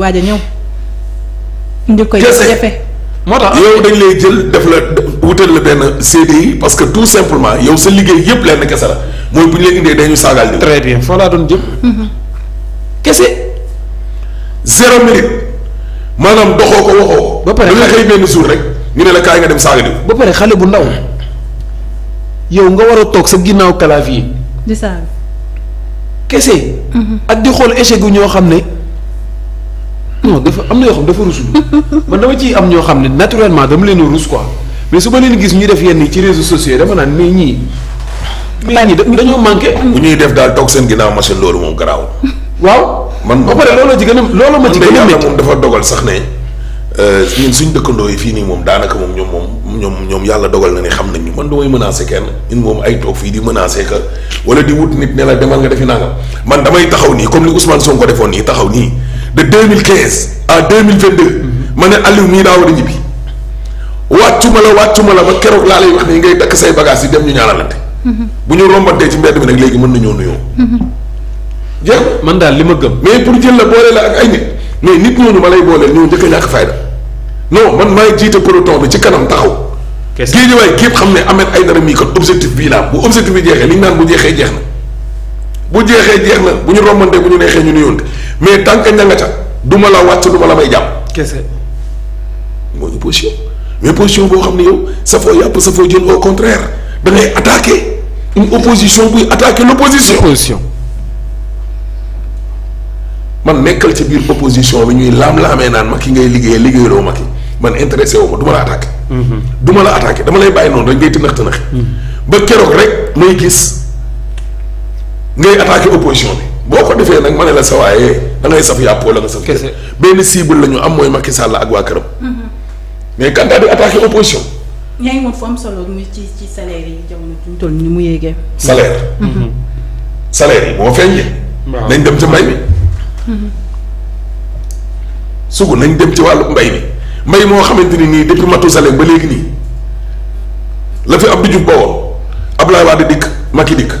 waaj a ñëw. indil ko moo tax yow dañ lay jël def la wutal la benn CDI parce que tout simplement yow sa liggéey yëpp lenn kese la mooy bu ñu la indee dañu saagal. très bien foo laa doon mhm. kese zéro maanaam doxoo ko waxoo ba pare la nga xëy benn jour rek ñu ne la kaay nga dem saaga diw. ba pare xale bu ndaw yow nga war a toog sa ginnaaw clavier. di saaga. kese. Mhm. ak di xool échec gu ñoo xam ne. non dafa am na yoo xam dafa rusul man dama ciy am ñoo xam ne naturellement dama leen rus quoi mais su ma leen gis ñu def yenn yi ci réseaux sociaux dama naan mais ñii. mais ñii dañoo manqué. bu ñuy def daal toog seen ginnaaw machine loolu moom garaaw. waaw man ba pare looloo ci gën a looloo ma moom dafa dogal sax ne euh, ñun suñ dëkkandoo yi fii nii moom daanaka moom ñoom moom ñoom ñoom yàlla dogal na ne xam nañ ñu man du may kenn ñun moom ay toog fii di menacer que wala di wut nit ne la demal nga defi nangam man damay taxaw nii comme li Ousmane Sonko defoon nii taxaw nii de 2015 à 2022 ma ne Aliou mii daa war a ñibbi ma la wàccuma la ba keroog laa lay wax nii ngay takk say bagages yi dem ñu ñaanalante. bu ñu rombantee ci mbedd bi nag léegi mën nañoo nuyoo. jeex man daal li ma gëm. mais pour jël la boole la ak ay nit mais nit ñooñu ma lay booleel ñoo njëkk a ñàkk fayda non man maay jiite peloton bi ci kanam taxaw. kese géej waay gépp xam ne Ahmed Aïdara mii kat objectif bii la bu bi jeexee li naan bu jeexee jeex na. bu jeexee jeex na bu ñu rombante bu ñu neexee ñu nuyoonte mais tant que ña nga ca du ma la wàcc du la may jàpp. kese mooy position mais position boo xam ne yow safoo yàpp safoo jën au contraire da ngay attaquer une opposition buy man nekkal ci biir opposition bi ñuy laam-laamee naan ma ki ngay liggéeyee liggéeyaloo ma ki man intéressé wu ma du ma la attaqué. Mm-hmm. du ma la attaqué dama lay bàyyi noonu rek ngay tënax tënax. Mm-hmm. ba keroog rek may gis. ngay attaqué opposition bi boo ko defee nag ma ne la sa waaye da ngay saf yàpp wala nga saf. kese benn cible la ñu am mooy Macky Sall ak waa këram. Mm-hmm. mais candidat bi attaqué opposition. yaa ngi woon fu am solo muy ci ci salaire yi jamono ji ñu toll mu yéegee. salaire. Mm-hmm. salaire yi moo feeñee. waaw nañ dem ci mbay mi. Mm-hmm. sugu nañ dem ci wàllu mbay mi mbay moo xamante ni nii depuis Mathusalem ba léegi nii la fi Abdou Diouf bawoon Abdoulaye Wade dikk Macky dikk.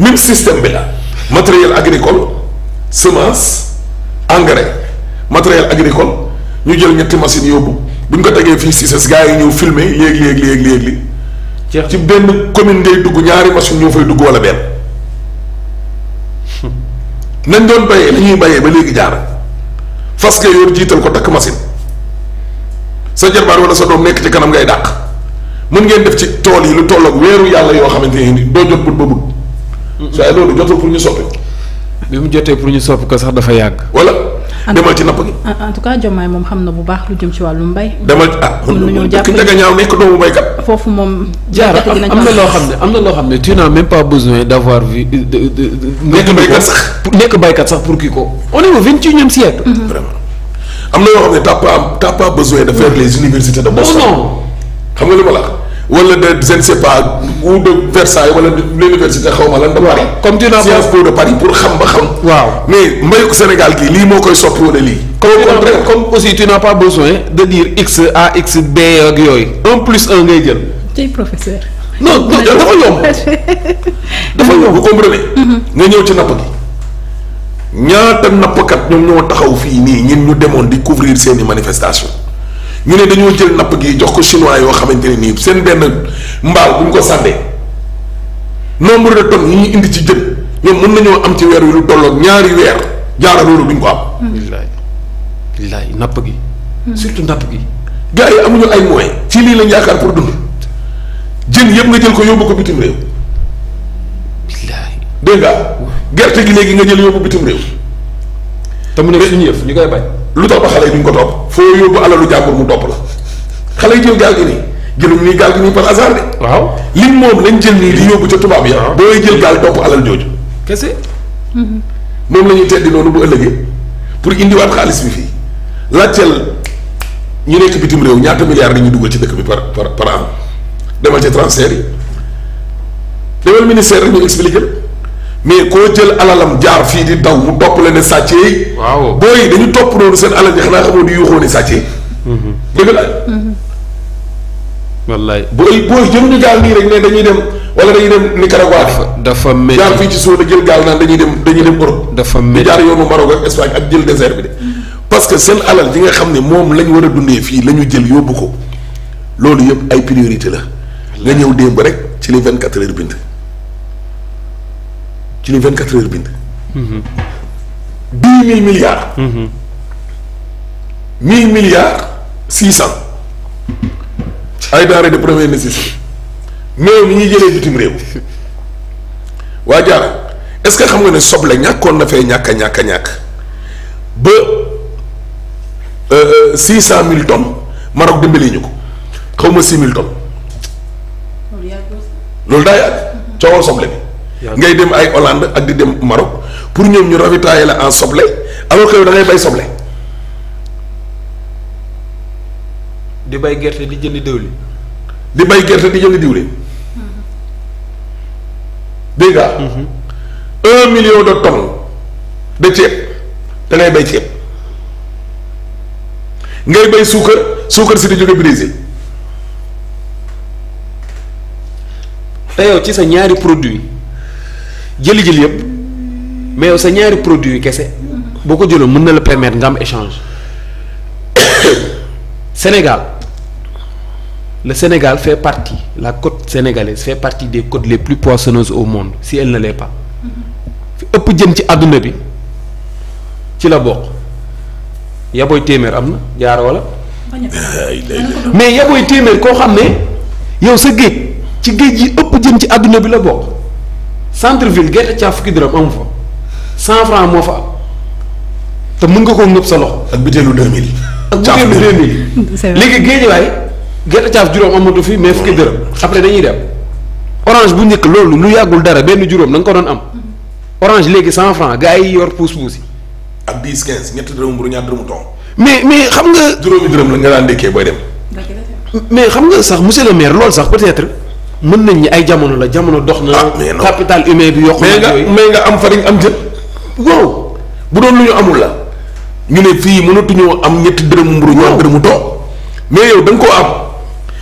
même système bi la matériel agricole semence engrais matériel agricole ñu jël ñetti machine yóbbu bu ñu ko tegee fii si ses gars yi ñëw filmer léegi léegi léegi léegi ci benn commune ngay dugg ñaari machine ñoo fay dugg wala benn nañ doon béyee lañuy ñuy ba léegi jaar fas nga yor jiital ko takk machine sa jarbaar a sa doom nekk ci kanam ngay dàq mun ngeen def ci tool yi lu toll ak weeru yàlla yoo xamante ne doo jot but ba but su ay loolu jotul pour ñu soppi ko. bi mu jotee pour ñu soppi ko sax dafa yàgg. wala demal ci napp gi. en tout cas Diomaye moom xam na bu baax lu jëm ci wàllum mbay. demal ah kon ki njëkk a ñaaw nekk doomu béykat. am na loo xam ne am na loo xam ne tu n'as même pas besoin d'avoir vu de nekk béykat sax nekk béykat sax pour ki ko on est au vingt-et-unième siècle. Mm-hmm. am na yoo xam ne t'as pas t'as pas besoin de faire les universités de Boston. xam nga li ma la wala de je ne pas ou de Versailles wala de l'université xaw ma lan da Paris. comme dina Sciences Po de pour xam ba xam. waaw mais mbayuk Sénégal gii lii moo koy soppi wala lii. au contraire comme aussi tu n'as pas besoin de dire x a x b ak yooyu un plus un ngay jël. tey professeur. non non dafa yomb dafa yomb vous comprenez. Mm-hmm. nga ñëw ci napp gi ñaata nappkat ñoom ñoo taxaw fii nii ñun ñu demoon di couvrir seeni manifestation ñu ne dañoo jël napp gi jox ko chinois yoo xamante ne nii seen benn mbaal bu ñu ko sànnee nombre de tonnes ñu indi ci jën ñoom mën nañoo am ci weer wi lu tolloog ñaari weer jaara loolu duñ ko am. billaay billaay napp gi. Hmm. surtout napp gi. gars yi amuñu ay moyens. ci lii lañ yaakaar pour dund jën yëpp nga jël ko yóbbu ko bitim réew. billaay dégg gerte gi léegi nga jël yóbbu bitim réew. te mu ne suñu yëf ñu koy bañ. lu tax ba xale yi duñ ko topp foo yóbbu alalu jàmbur mu topp la xale yi jël gaal gi nii jëlum nii gaal gi nii par hasard de. waaw lim moom lañ jël nii di yóbbu ca tubaab yi. boo booy jël gaal topp alal jooju. kese. Mm-hmm. moom la ñuy teddi noonu bu ëllëgee pour indiwaat xaalis bi fii laajteel ñu nekk bitim réew ñaata milliards la ñuy dugal ci dëkk bi par par par an demal ci transfert yi demal ministère rek ñu expliqué. mais koo jël alalam jaar fii di daw mu topp la ne sàccee waaw booy dañu topp noonu seen alal ji xanaa xamoo di yuuxoo ne sàcce yi. Mhm. dëgg la. wallaay booy booy jëluñu gaal nii rek ne dañuy dem wala dañuy dem Nicaragua bi. dafa mel jaar fii ci suuf la jël gaal naan dañuy dem dañuy dem Europe. dafa mel jaar yoonu Maroc ak Espagne ak jël désert bi de. parce que seen alal ji nga xam ne moom lañ war a dundee fii la ñu jël yóbbu ko loolu yëpp ay priorité la nga ñëw démb rek ci li 24 heures bind. ci lu 24 heures bind. 10 000 milliards. 1000 milliards 600. ay denrées de première nécessité mais mi ñuy jëlee bitim réew waa jaara est-ce que xam nga ne soble ñàkkoon na fee ñàkk a ñàkk a ñàkk ba 600000 euh, tonnes Maroc dimbali ñu ko xaw ma 6000 tonnes. loolu daa yàgg coowal soble bi. ngay dem ay Hollande ak di dem Maroc pour ñoom ñu ravitailler la en soble alors que yow bay soble. di bay gerte di jënd diwlin. di bay gerte di jënd diwlin. dégg nga. Mhm. un million de tonnes de ceeb da ngay bay ceeb ngay bay suukar suukar si di jóge Brésil. te yow ci sa ñaari produit jëli jëli yëpp mais yow sa ñaari produit yi kese boo ko jëloo mën na la permettre nga am échange Sénégal la Sénégal fait partie la côte sénégalaise fait partie des côte les plus poissonneuses au monde si elle ne l'est pas fi ëpp jën ci àdduna bi ci la bokk yaboy téeméer am na jaar wala mais yaboy téeméer koo xam ne yow sa géej ci géej yi ëpp jën ci àdduna bi la bokk centre ville gerte caaf fukki dërëm amu fa cent franc moo fa am te mun nga koo ngëb sa loxo. ak butéelu deux mille. ak butéelu deux mille. léegi géejewaay gerte caaf juróom amatu fi mais fukki dërëm après dañuy dem orange bu njëkk loolu lu yàggul dara benn juróom da nga ko doon am orange léegi cent franc gars yi yor puus puus yi. ak dix quinze ñetti dërëm bu ñaar dërëmu ton. mais mais xam nga. juróomi dërëm la nga daan dékkee booy dem. mais xam nga sax monsieur le maire loolu sax peut-être. mën nañ ñi ay jamono la jamono dox na. Ah, capital humain bi yokku na mais nga nga am fariñ am jën. wow bu doon lu ñu amul la ñu ne fii mënatuñoo am ñetti dërëm mburu ñu am dërëmu too mais yow da koo am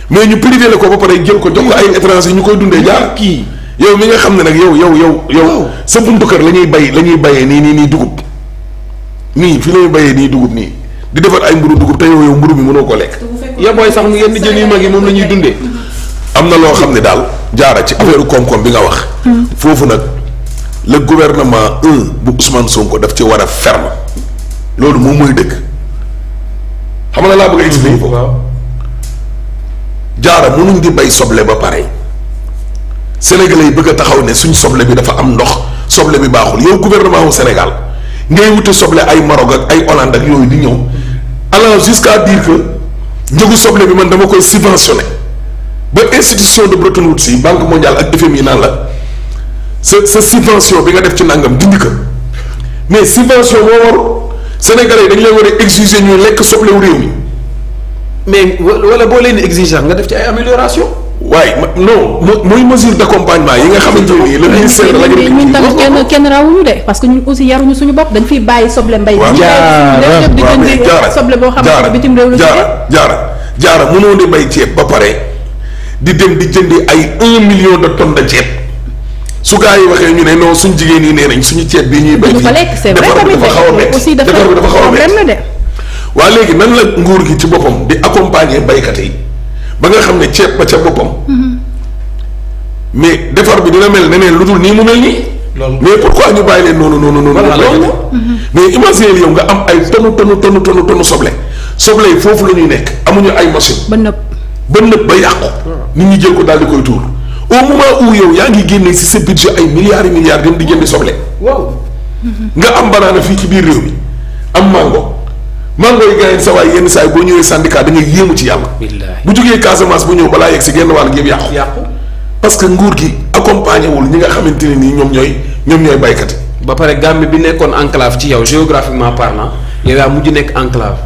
mais ñu privé la ko ba pare jël ko jox ko ay étranger ñu koy dundee jaar kii yow mi nga xam ne nag yow yow yow yow sa buntu kër la ñuy bay la ñuy bayee nii nii nii dugub nii fi la ñuy bayee nii dugub nii di defar ay mburu dugub te yow yow mburu bi mënoo ko lekk. ya booy yenn jën yu mag yi moom la ñuy dundee. am na loo xam ne daal jaara ci affaire koom-koom bi nga wax. foofu nag le gouvernement un e bu Ousmane Sonko daf ci war a ferme loolu moom mooy dëkk xam na laa bëgg a expliquer ko mhm, jaara mënuñ di bay soble ba pare sénégalais yi bëgg a taxaw ne suñ soble bi dafa am ndox soble bi baaxul yow gouvernement wu Sénégal ngay wute soble ay Maroc ak ay Hollande ak yooyu di ñëw alors jusqu'à dire que njëgu soble bi man dama koy subventionné. ba institution de Bretton Woods yi banque mondiale ak FMI naan la sa sa subvention bi nga def ci nangam dindi ko mais subvention moo waru Sénégalais yi dañ lay war a exiger ñuy lekk soblewu réew mi. mais wala boo leen exigeant nga def ci ay amélioration waaye non mooy mesure d' accompagnement yi nga xamante ne nii le ministère de l' agriculture ñun tamit kenn kenn rawuñu de parce que ñun aussi yaruñu suñu bopp dañ fiy bàyyi soble mbay jaara jaara jaara jaara mënoo di bay ceeb ba pare di dem di jëndi ay un million de tonnes de ceeb su gaa yi waxee ñu ne non suñ jigéen yi nee nañ suñu ceeb bi ñuy béy fii defar bi dafa xaw a métti defar bi dafa xaw a métti waa léegi nan la nguur gi ci boppam di accompagner baykat yi ba nga xam ne ceeb ba ca boppam mm-hmm. mais defar bi dina mel neneen lu dul nii mu mel nii mais pourquoi ñu bàyyi leen noonu noonu noonu loolu mais imagine yow nga am ay tonne tonne tonne tonne tonne soble soble yi foofu la ñuy nekk amuñu ay machine ba nëb ba yàqu nit ñi jël ko daal di koy tuur au moment où yow yaa ngi génne si sa budget ay milliards yi milliards dem di jëndi soble waaw nga am banaana fii ci biir réew bi am mango mango yi gars yi sa waay yenn saa yi boo ñëwee syndicat da ngay yéemu ci yàlla bu jógee Casamance bu ñëw balaa yegg si genn wàll gi yàqu yàqu parce que nguur gi accompagné wul ñi nga xamante ne nii ñoom ñooy ñoom ñooy baykat yi ba pare Gambie bi nekkoon enclave ci yow géographiquement parlant yow yaa mujj nekk enclave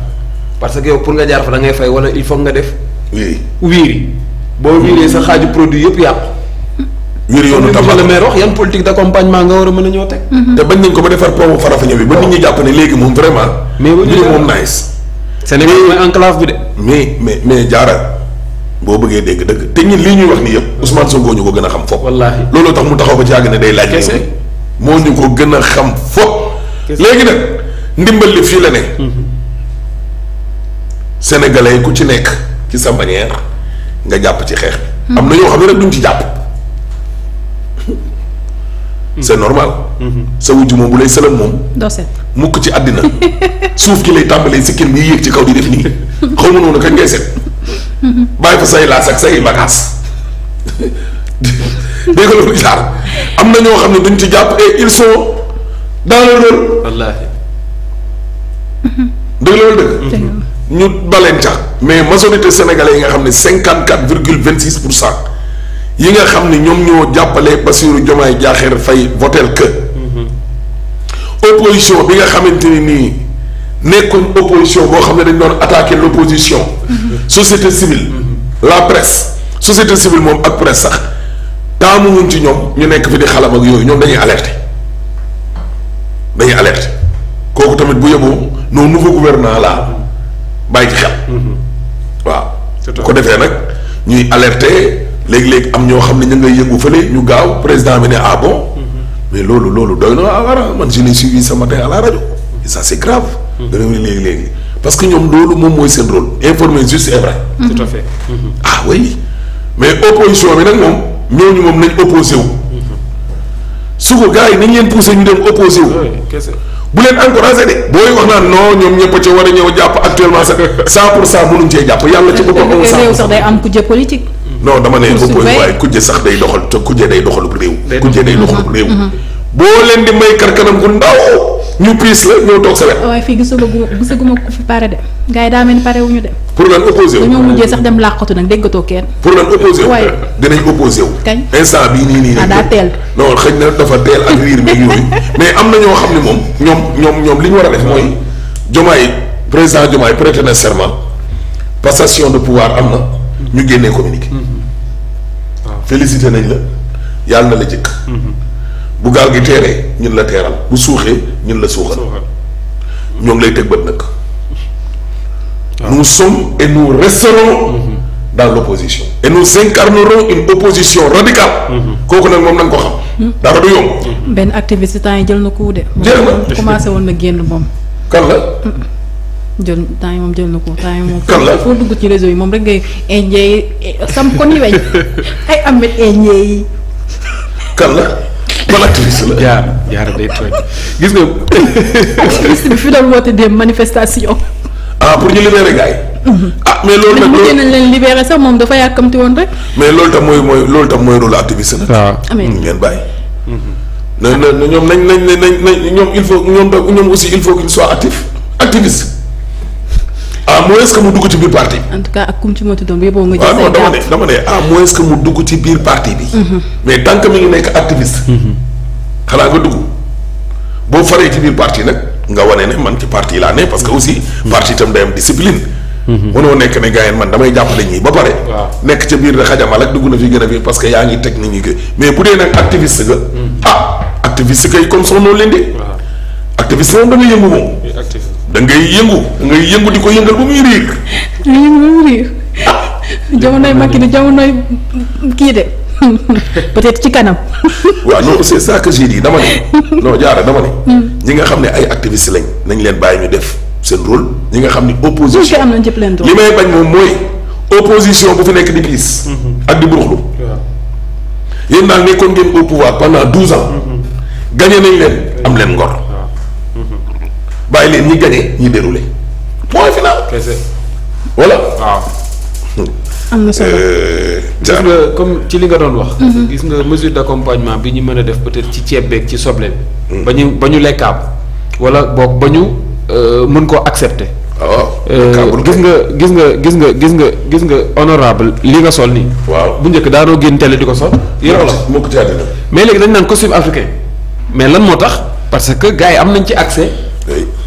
parce que pour nga jaar fa da ngay fay wala il faut nga def wiiri wiiri boo wiiree sa xaaju produit yëpp yàqu. wiiri yoonu ma la maire wax yan politique d' compagnement nga war a mën a ñoo teg. Mhm. te bañ nañ ko ba defar pont Farafeññi bi ba nit ñi jàpp ne léegi moom vraiment. mais ba ñu moom nice. Sénégal de. mais mais mais jaara boo bëggee dégg dëgg te lii ñuy wax nii yëpp Ousmane Sonko ñu ko gën a xam fop wallaahi looloo tax mu taxaw ba ci àgg ne day laaj. kese moo ñu ko gën a xam fop léegi nag ndimbal li fii la ne. Mhm. sénégalais ku ci nekk. ci sa manière nga jàpp ci xeex bi. am na ñoo xam ne duñ ci jàpp. Hmm. c'est normal. Hmm. sa wujj moom bu lay sëlam moom. doo set mukk ci àddina suuf gi lay tàmbalee sikkin bi yéeg ci kaw di def nii xaw ma noonu kañ ngay set. Hmm. bàyyi fa say laas ak say bagaas dégg nga loolu jaar am na ñoo xam ne duñ ci jàpp et ils sont dans le rôle. wallaahi. dëgg loolu dëgg. ñu baleen ca mais majorité sénégalais yi nga xam ne cinquante quatre virgule vingt six pour cent yi nga xam ne ñoom ñoo jàppale Bassirou Diomaye Diakhar Faye votel que mm-hmm. opposition bi nga xamante ni nii nekkoon opposition boo xam ne dañ doon attaquer l'opposition mm-hmm. société civile mm-hmm. la presse société civile moom ak presse sax taamu wuñ ci ñoom ñu nekk fi di xalam ak yooyu ñoom dañuy alerter dañuy alerte kooku tamit bu yeboo non nouveau gouvernement la bàyyi ci xel. Mhm. waaw. ko defee nag ñuy alerte léegi-léegi am ñoo xam ne ñu ngay yëngu fële ñu gaaw président bi ne ah bon. Mhm. mais loolu loolu doy na awara man je l'ai suivi ce matin à la rajo. et ça c'est grave. Mhm. dana wéy léegi-léegi parce que ñoom loolu moom mooy seen rôle informer juste et vrai. tout à fait. ah oui mais opposition bi nag moom ñooñu moom nañ opposé wu. su ko gars yi nañ leen poussé ñu dem opposé wu. bu leen encouragé de booy wax naa non ñoom ñëpp a ci war a ñëw jàpp actuellement sax 100 pour 100 mënuñ cee jàpp yàlla ci boppam. amul 100 réew sax day am kujje dama ne ba booy waaye kujje sax day doxal te kujje day doxalub réew. kujje day doxalub réew. Mhm. boo leen di may karkanam gu ndaw ñu piis la ñoo toog sa wet. waaye fii gisuma gisaguma ko fi pare de gars yi daa mel ni pare de. pour lan opposé wu. dañoo mujjee sax dem làqatu nag déggatoo kenn. pour lan opposé wu. dinañ opposé wu. kañ instant bii nii nii. ah daa teel non xëy na dafa teel ak riir bi yooyu mais am na ñoo xam ne moom ñoom ñoom ñoom li ñu war a def mooy Diomaye président Diomaye prêté na serment passation de pouvoir am na ñu génnee communiqué. waaw mm-hmm. ah. félicité nañ la yàlla na la jëkk. Mm-hmm. bu gaal gi teeree ñun la teeral bu suuxee ñun la suuxal. ñoo ngi lay teg bët nag. nous sommes et nous resterons dans l'opposition et nous incarnerons une opposition radicale kooku nag moom na ko xam dara du yomb benn activiste temps jël na ko de jël na commencé woon na génn moom kan la jël temps jël na ko temps yi foo dugg ci réseau yi moom rek ngay indien yi sam ko ni weñ ay amet indien yi kan la ban la jaar jaar day gis nga activiste bi fi doon woote des ah pour ñu libérer gars yi. Mhm. Ah, mais loolu nag loolu nañ leen libérer sax moom dafa yàkkamti woon rek. mais loolu tam mooy mooy loolu tam mooy rôle activiste nag. waaw ah. amiin ah, hmm, ngeen bàyyi. Mhm. ñoom nañ nañ nañ nañ ñoom il ñoom il faut mu dugg ci biir parti bi. en tout cas ak kum ci motu doom bi yóbboo nga. jël say dama ne dama ne à moins que mu dugg ci biir parti bi. Mhm. mais tant mi ngi nekk activiste. xanaa nga dugg boo faree ci biir parti nag. nga wane ne man ci parti laa ne parce que aussi. parti itam day am discipline. mënoo nekk ne gars man damay jàppale ñii ba pare. nekk ca biir de xajamal ak dugg na fi gën a fi parce que yaa ngi teg nit ñi que mais bu dee nag activiste nga. Hmm. ah activiste kay comme son nom l'indi. activiste moom da ngay yëngu moom. da ngay yëngu da yëngu di ko yëngal ba muy riir. da ngay yëngu ba muy riir. Ah. jamonoy Macky di jamonoy kii de. peut-être ci kanam. waaw non c'est ça que j'ai dit dama ne non jaara dama ne. Hmm. ñi nga xam ne ay activistes lañ nañ leen bàyyi ñu def seen rôle ñi nga xam ne opposition am nañ ci plein droit li may bañ moom mooy opposition bu fi nekk di piis mm-hmm. ak di buruxlu. yéen daal nekkoon ngeen au pouvoir pendant mm-hmm. nañ leen mm-hmm. am leen ngor. bàyyi leen ñi gagné ñi déroulé point final. voilà waaw. am na solo euh, gis nga comme ci li nga doon wax. Mhm. gis nga mesure d' accompagnement bi ñu mën a def peut-être ci ceeb beeg ci soble bi. Mhm. ba ñu ba ñu lekkaab wala book ba ñu euh, mën koo accepter. Ah waaw euh, gis nga gis nga gis nga gis nga gis nga honorable li nga sol nii. waaw bu njëkk daanoo génn télé di ko sol. yoroo la mais léegi dañ naan costume africain mais lan moo tax parce que gars yi am nañ ci accès.